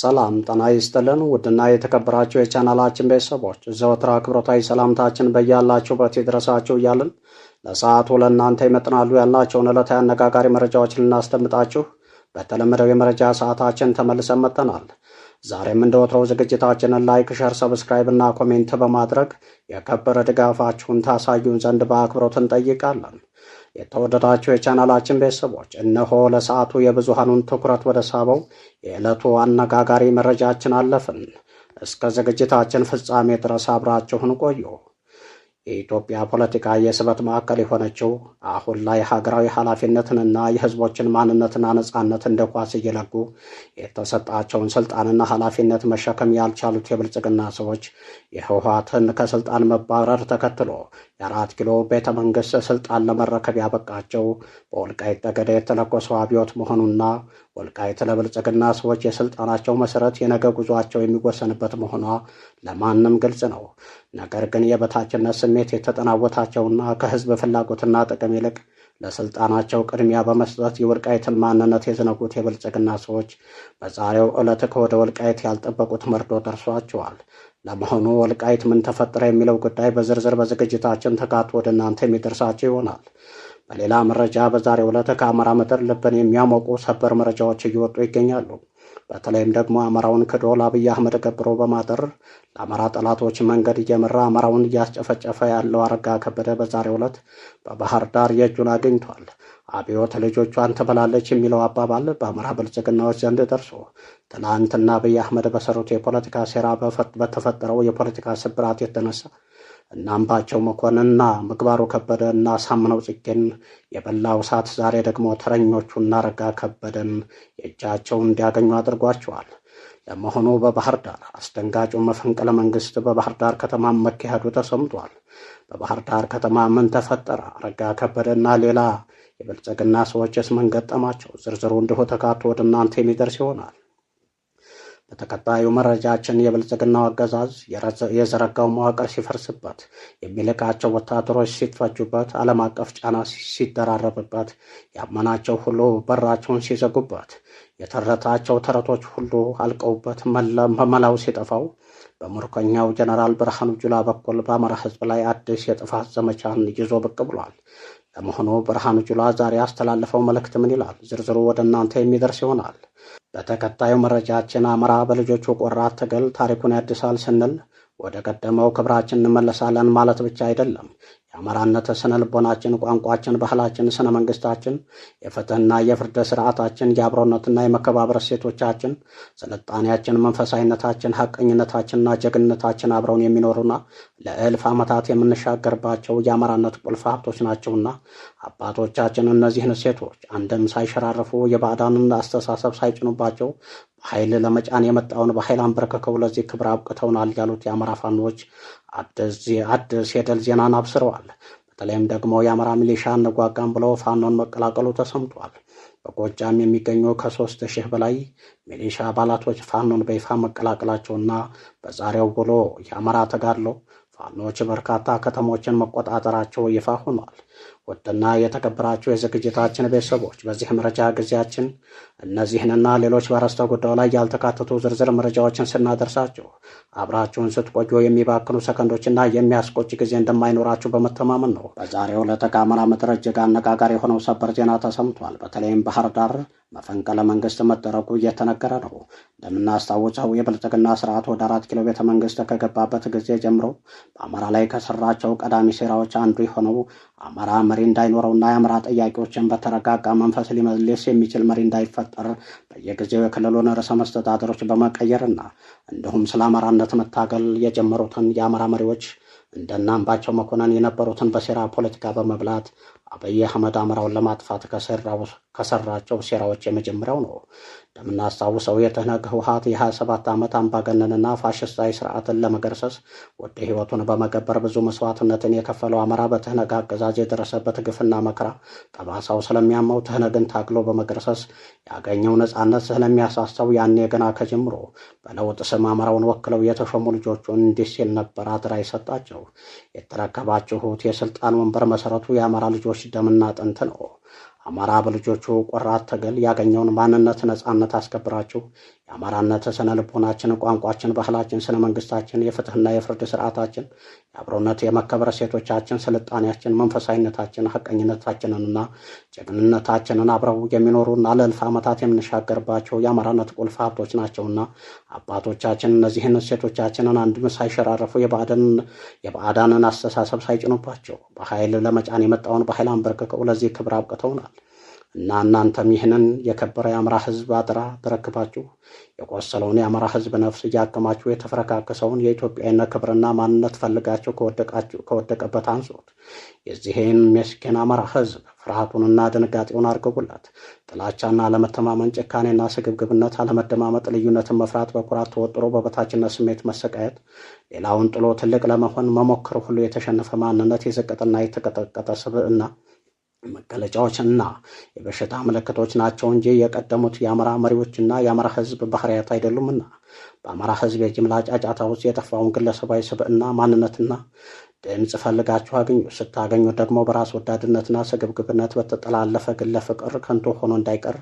ሰላም ጤና ይስጥልን ውድና የተከበራችሁ የቻናላችን ቤተሰቦች ዘወትር አክብሮታዊ ሰላምታችን በያላችሁበት ይድረሳችሁ እያልን ለሰዓቱ ለእናንተ ይመጥናሉ ያልናቸውን ዕለታዊ አነጋጋሪ መረጃዎችን ልናስደምጣችሁ በተለመደው የመረጃ ሰዓታችን ተመልሰን መጥተናል። ዛሬም እንደ ወትሮው ዝግጅታችንን ላይክ፣ ሸር፣ ሰብስክራይብ እና ኮሜንት በማድረግ የከበረ ድጋፋችሁን ታሳዩን ዘንድ በአክብሮት እንጠይቃለን። የተወደዳቸው የቻናላችን ቤተሰቦች እነሆ ለሰዓቱ የብዙሃኑን ትኩረት ወደ ሳበው የዕለቱ አነጋጋሪ መረጃችን አለፍን። እስከ ዝግጅታችን ፍጻሜ ድረስ አብራችሁን ቆዩ። የኢትዮጵያ ፖለቲካ የስበት ማዕከል የሆነችው አሁን ላይ ሀገራዊ ኃላፊነትንና የሕዝቦችን ማንነትና ነጻነት እንደ ኳስ እየለጉ የተሰጣቸውን ስልጣንና ኃላፊነት መሸከም ያልቻሉት የብልጽግና ሰዎች የህወሓትን ከስልጣን መባረር ተከትሎ የአራት ኪሎ ቤተ መንግስት ስልጣን ለመረከብ ያበቃቸው በወልቃይት ጠገዴ የተለኮሰው አብዮት መሆኑና ወልቃይት ለብልጽግና ሰዎች የስልጣናቸው መሰረት የነገ ጉዟቸው የሚወሰንበት መሆኗ ለማንም ግልጽ ነው። ነገር ግን የበታችነት ስሜት የተጠናወታቸውና ከህዝብ ፍላጎትና ጥቅም ይልቅ ለስልጣናቸው ቅድሚያ በመስጠት የወልቃይትን ማንነት የዘነጉት የብልጽግና ሰዎች በዛሬው ዕለት ከወደ ወልቃይት ያልጠበቁት መርዶ ደርሷቸዋል። ለመሆኑ ወልቃይት ምን ተፈጠረ የሚለው ጉዳይ በዝርዝር በዝግጅታችን ተካቶ ወደ እናንተ የሚደርሳቸው ይሆናል። በሌላ መረጃ በዛሬ ዕለት ከአማራ ምድር ልብን የሚያሞቁ ሰበር መረጃዎች እየወጡ ይገኛሉ። በተለይም ደግሞ አማራውን ክዶ ለአብይ አህመድ ገብሮ በማጠር ለአማራ ጠላቶች መንገድ እየመራ አማራውን እያስጨፈጨፈ ያለው አረጋ ከበደ በዛሬ ዕለት በባህር ዳር የእጁን አግኝቷል። አብዮት ልጆቿን ትበላለች የሚለው አባባል በአማራ ብልጽግናዎች ዘንድ ደርሶ ትናንትና አብይ አህመድ በሰሩት የፖለቲካ ሴራ በተፈጠረው የፖለቲካ ስብራት የተነሳ እነ አምባቸው መኮንንና ምግባሩ ከበደ እና ሳምነው ጽጌን የበላው እሳት ዛሬ ደግሞ ተረኞቹ ረጋ ከበደን የእጃቸውን እንዲያገኙ አድርጓቸዋል። ለመሆኑ በባህር ዳር አስደንጋጩ መፈንቅለ መንግስት በባህር ዳር ከተማ መካሄዱ ተሰምቷል። በባህር ዳር ከተማ ምን ተፈጠረ? አረጋ ከበደና ሌላ የብልጽግና ሰዎችስ ምን ገጠማቸው? ዝርዝሩ እንዲሁ ተካቶ ወደ እናንተ የሚደርስ ይሆናል። በተከታዩ መረጃችን የብልጽግናው አገዛዝ የዘረጋው መዋቅር ሲፈርስበት፣ የሚልካቸው ወታደሮች ሲፈጁበት፣ ዓለም አቀፍ ጫና ሲደራረብበት፣ ያመናቸው ሁሉ በራቸውን ሲዘጉበት፣ የተረታቸው ተረቶች ሁሉ አልቀውበት መላው ሲጠፋው በምርኮኛው ጀነራል ብርሃኑ ጁላ በኩል በአማራ ህዝብ ላይ አዲስ የጥፋት ዘመቻን ይዞ ብቅ ብሏል። በመሆኑ ብርሃኑ ጁላ ዛሬ ያስተላለፈው መልእክት ምን ይላል? ዝርዝሩ ወደ እናንተ የሚደርስ ይሆናል። በተከታዩ መረጃችን አማራ በልጆቹ ቆራት ትግል ታሪኩን ያድሳል ስንል ወደ ቀደመው ክብራችን እንመለሳለን ማለት ብቻ አይደለም። የአማራነት ስነ ልቦናችን፣ ቋንቋችን፣ ባህላችን፣ ስነ መንግስታችን፣ የፍትህና የፍርድ ስርዓታችን፣ የአብሮነትና የመከባበር እሴቶቻችን፣ ስልጣኔያችን፣ መንፈሳዊነታችን፣ ሀቀኝነታችንና ጀግንነታችን አብረውን የሚኖሩና ለእልፍ ዓመታት የምንሻገርባቸው የአማራነት ቁልፍ ሀብቶች ናቸውና አባቶቻችን እነዚህን እሴቶች አንድም ሳይሸራርፉ የባዕዳንን አስተሳሰብ ሳይጭኑባቸው ኃይል ለመጫን የመጣውን በኃይል አንበረክከው ለዚህ ክብር አብቅተውናል ያሉት የአማራ ፋኖች አዲስ የድል ዜናን አብስረዋል። በተለይም ደግሞ የአማራ ሚሊሻ አነጓጋም ብለው ፋኖን መቀላቀሉ ተሰምቷል። በጎጃም የሚገኙ ከሶስት ሺህ በላይ ሚሊሻ አባላቶች ፋኖን በይፋ መቀላቀላቸውና በዛሬው ውሎ የአማራ ተጋድሎ ፋኖች በርካታ ከተሞችን መቆጣጠራቸው ይፋ ሆኗል። ውድና የተከበራችሁ የዝግጅታችን ቤተሰቦች በዚህ መረጃ ጊዜያችን እነዚህንና ሌሎች በአርዕስተ ጉዳዩ ላይ ያልተካተቱ ዝርዝር መረጃዎችን ስናደርሳችሁ አብራችሁን ስትቆዩ የሚባክኑ ሰከንዶችና የሚያስቆጭ ጊዜ እንደማይኖራችሁ በመተማመን ነው። በዛሬው ዕለት ከአማራ ምድር እጅግ አነጋጋሪ የሆነው ሰበር ዜና ተሰምቷል። በተለይም ባህር ዳር መፈንቅለ መንግስት መደረጉ እየተነገረ ነው። እንደምናስታውሰው የብልጽግና ስርዓት ወደ አራት ኪሎ ቤተ መንግስት ከገባበት ጊዜ ጀምሮ በአማራ ላይ ከሰራቸው ቀዳሚ ሴራዎች አንዱ የሆነው አማራ መሪ እንዳይኖረውና የአምራ ጥያቄዎችን በተረጋጋ መንፈስ ሊመልስ የሚችል መሪ እንዳይፈጠር በየጊዜው የክልሉን ርዕሰ መስተዳደሮች በመቀየርና እንዲሁም ስለ አማራነት መታገል የጀመሩትን የአማራ መሪዎች እንደናምባቸው መኮንን የነበሩትን በሴራ ፖለቲካ በመብላት አብይ አህመድ አምራውን ለማጥፋት ከሰራቸው ሴራዎች የመጀመሪያው ነው። እንደምናስታውሰው የትህነግ ህውሃት የ27 ዓመት አምባገነንና ፋሽስታዊ ስርዓትን ለመገርሰስ ወደ ህይወቱን በመገበር ብዙ መስዋዕትነትን የከፈለው አማራ በትህነግ አገዛዝ የደረሰበት ግፍና መከራ ጠባሳው ስለሚያመው ትህነግን ታግሎ በመገርሰስ ያገኘው ነፃነት ስለሚያሳሰው ያኔ ገና ከጀምሮ በለውጥ ስም አማራውን ወክለው የተሾሙ ልጆቹን እንዲህ ሲል ነበር አደራ ይሰጣቸው። የተረከባችሁት የስልጣን ወንበር መሰረቱ የአማራ ልጆች ደምና አጥንት ነው። አማራ በልጆቹ ቆራት ትግል ያገኘውን ማንነት ነፃነት አስከብራችሁ የአማራነት ስነ ልቦናችን፣ ቋንቋችን፣ ባህላችን፣ ስነ መንግስታችን፣ የፍትህና የፍርድ ስርዓታችን፣ የአብሮነት የመከበር ሴቶቻችን ስልጣኔያችን፣ መንፈሳዊነታችን፣ ሀቀኝነታችንንና ጀግንነታችንን አብረው የሚኖሩና ለእልፍ ዓመታት የምንሻገርባቸው የአማራነት ቁልፍ ሀብቶች ናቸውና አባቶቻችን እነዚህን ሴቶቻችንን አንድም ሳይሸራረፉ የባዕዳንን አስተሳሰብ ሳይጭኑባቸው በኃይል ለመጫን የመጣውን በኃይል አንበርክከው ለዚህ ክብር አብቅተውናል። እና እናንተም ይህንን የከበረ የአማራ ህዝብ አደራ ተረክባችሁ የቆሰለውን የአማራ ህዝብ ነፍስ እያከማችሁ የተፈረካከሰውን የኢትዮጵያዊነት ክብርና ማንነት ፈልጋችሁ ከወደቀበት አንሶት የዚህን ምስኪን አማራ ህዝብ ፍርሃቱንና ድንጋጤውን አርግቡለት። ጥላቻና አለመተማመን፣ ጭካኔና ስግብግብነት፣ አለመደማመጥ፣ ልዩነትን መፍራት፣ በኩራት ተወጥሮ በበታችነት ስሜት መሰቃየት፣ ሌላውን ጥሎ ትልቅ ለመሆን መሞከር ሁሉ የተሸነፈ ማንነት፣ የዘቀጠና የተቀጠቀጠ ስብዕና መገለጫዎች እና የበሽታ ምልክቶች ናቸው እንጂ የቀደሙት የአማራ መሪዎችና የአማራ ህዝብ ባህሪያት አይደሉምና በአማራ ህዝብ የጅምላ ጫጫታ ውስጥ የጠፋውን ግለሰባዊ ስብዕና ማንነትና ድምፅ ፈልጋችሁ አገኙ። ስታገኙ ደግሞ በራስ ወዳድነትና ስግብግብነት በተጠላለፈ ግለ ፍቅር ከንቱ ሆኖ እንዳይቀር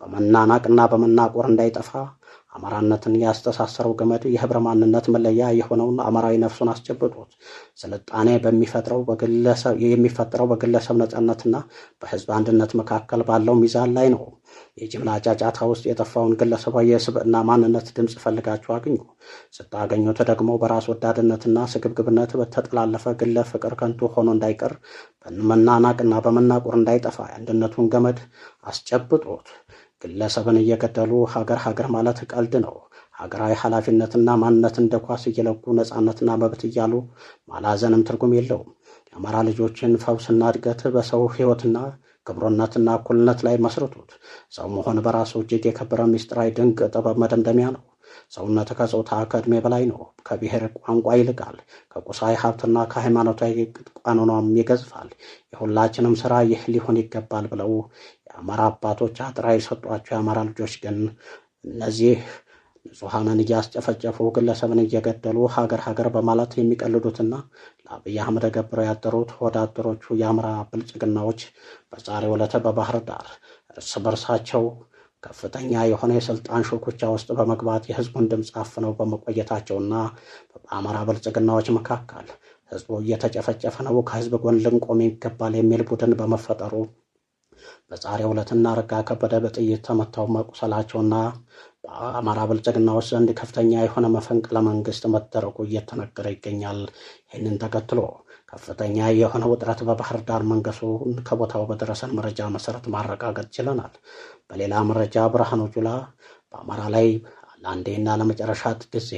በመናናቅና በመናቆር እንዳይጠፋ አማራነትን ያስተሳሰረው ገመድ የህብረ ማንነት መለያ የሆነውን አማራዊ ነፍሱን አስጨብጦት ስልጣኔ የሚፈጥረው በግለሰብ ነፃነትና በህዝብ አንድነት መካከል ባለው ሚዛን ላይ ነው። የጅምላ ጫጫታ ውስጥ የጠፋውን ግለሰባዊ የስብዕና ማንነት ድምፅ ፈልጋችሁ አግኙ። ስታገኙት ደግሞ በራስ ወዳድነትና ስግብግብነት በተጠላለፈ ግለ ፍቅር ከንቱ ሆኖ እንዳይቀር በመናናቅና በመናቁር እንዳይጠፋ የአንድነቱን ገመድ አስጨብጦት ግለሰብን እየገደሉ ሀገር ሀገር ማለት ቀልድ ነው። ሀገራዊ ኃላፊነትና ማንነት እንደ ኳስ እየለጉ ነፃነትና መብት እያሉ ማላዘንም ትርጉም የለውም። የአማራ ልጆችን ፈውስና እድገት በሰው ህይወትና ክብሮነትና እኩልነት ላይ መስርቱት። ሰው መሆን በራሱ እጅግ የከበረ ሚስጥራዊ ድንቅ ጥበብ መደምደሚያ ነው። ሰውነት ከጾታ ከዕድሜ በላይ ነው። ከብሔር ቋንቋ ይልቃል። ከቁሳዊ ሀብትና ከሃይማኖታዊ ቋንኗም ይገዝፋል። የሁላችንም ስራ ይህ ሊሆን ይገባል ብለው የአማራ አባቶች አጥራ የሰጧቸው የአማራ ልጆች ግን እነዚህ ንጹሐንን እያስጨፈጨፉ ግለሰብን እየገደሉ ሀገር ሀገር በማለት የሚቀልዱትና ለአብይ አህመድ ገብረው ያደሩት ወዳደሮቹ የአምራ ብልጽግናዎች በዛሬ ዕለት በባህር ዳር እርስ በርሳቸው ከፍተኛ የሆነ የስልጣን ሹኩቻ ውስጥ በመግባት የህዝቡን ድምፅ አፍነው በመቆየታቸውና በአማራ ብልጽግናዎች መካከል ህዝቡ እየተጨፈጨፈ ነው፣ ከህዝብ ጎን ልንቆም ይገባል የሚል ቡድን በመፈጠሩ በዛሬ ዕለትና ረጋ ከበደ በጥይት ተመተው መቁሰላቸውና በአማራ ብልጽግናዎች ዘንድ ከፍተኛ የሆነ መፈንቅለ መንግስት መደረጉ እየተነገረ ይገኛል። ይህንን ተከትሎ ከፍተኛ የሆነ ውጥረት በባህር ዳር መንገሱን ከቦታው በደረሰን መረጃ መሰረት ማረጋገጥ ችለናል። በሌላ መረጃ ብርሃኑ ጁላ በአማራ ላይ ለአንዴና ለመጨረሻ ጊዜ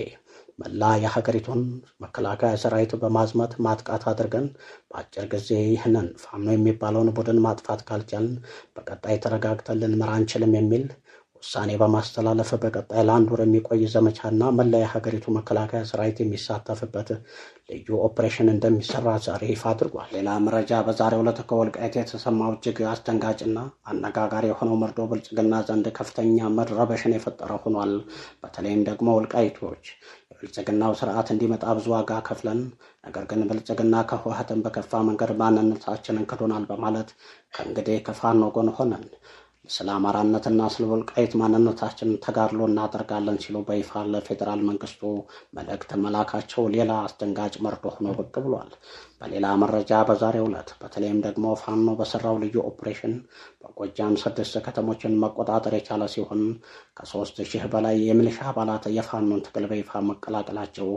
መላ የሀገሪቱን መከላከያ ሰራዊት በማዝመት ማጥቃት አድርገን በአጭር ጊዜ ይህንን ፋኖ የሚባለውን ቡድን ማጥፋት ካልቻልን በቀጣይ ተረጋግተን ልንመራ አንችልም የሚል ውሳኔ በማስተላለፍ በቀጣይ ለአንድ ወር የሚቆይ ዘመቻና መላ የሀገሪቱ መከላከያ ሰራዊት የሚሳተፍበት ልዩ ኦፕሬሽን እንደሚሰራ ዛሬ ይፋ አድርጓል። ሌላ መረጃ በዛሬው ዕለት ከወልቃይት የተሰማው እጅግ አስደንጋጭና አነጋጋሪ የሆነው መርዶ ብልጽግና ዘንድ ከፍተኛ መረበሽን የፈጠረ ሆኗል። በተለይም ደግሞ ወልቃይቶች የብልጽግናው ስርዓት እንዲመጣ ብዙ ዋጋ ከፍለን ነገር ግን ብልጽግና ከህወሓትን በከፋ መንገድ ማንነታችንን ክዶናል በማለት ከእንግዲህ ከፋኖ ጎን ሆነን ስለ አማራነትና ስለ ወልቃይት ተጋድሎ እናደርጋለን ሲሉ በይፋ ለፌዴራል መንግስቱ መልእክት መላካቸው ሌላ አስደንጋጭ መርዶ ሆኖ ብቅ ብሏል። በሌላ መረጃ በዛሬው ዕለት በተለይም ደግሞ ፋኖ በሰራው ልዩ ኦፕሬሽን በጎጃም ስድስት ከተሞችን መቆጣጠር የቻለ ሲሆን ከሶስት ሺህ በላይ የሚሊሻ አባላት የፋኖን ትግል በይፋ መቀላቀላቸው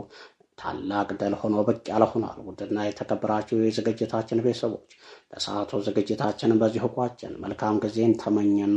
ታላቅ ድል ሆኖ ብቅ ያለ ሆኗል። ውድና የተከበራችሁ የዝግጅታችን ቤተሰቦች ለሰዓቱ ዝግጅታችን በዚህ ቋጭን። መልካም ጊዜን ተመኘን።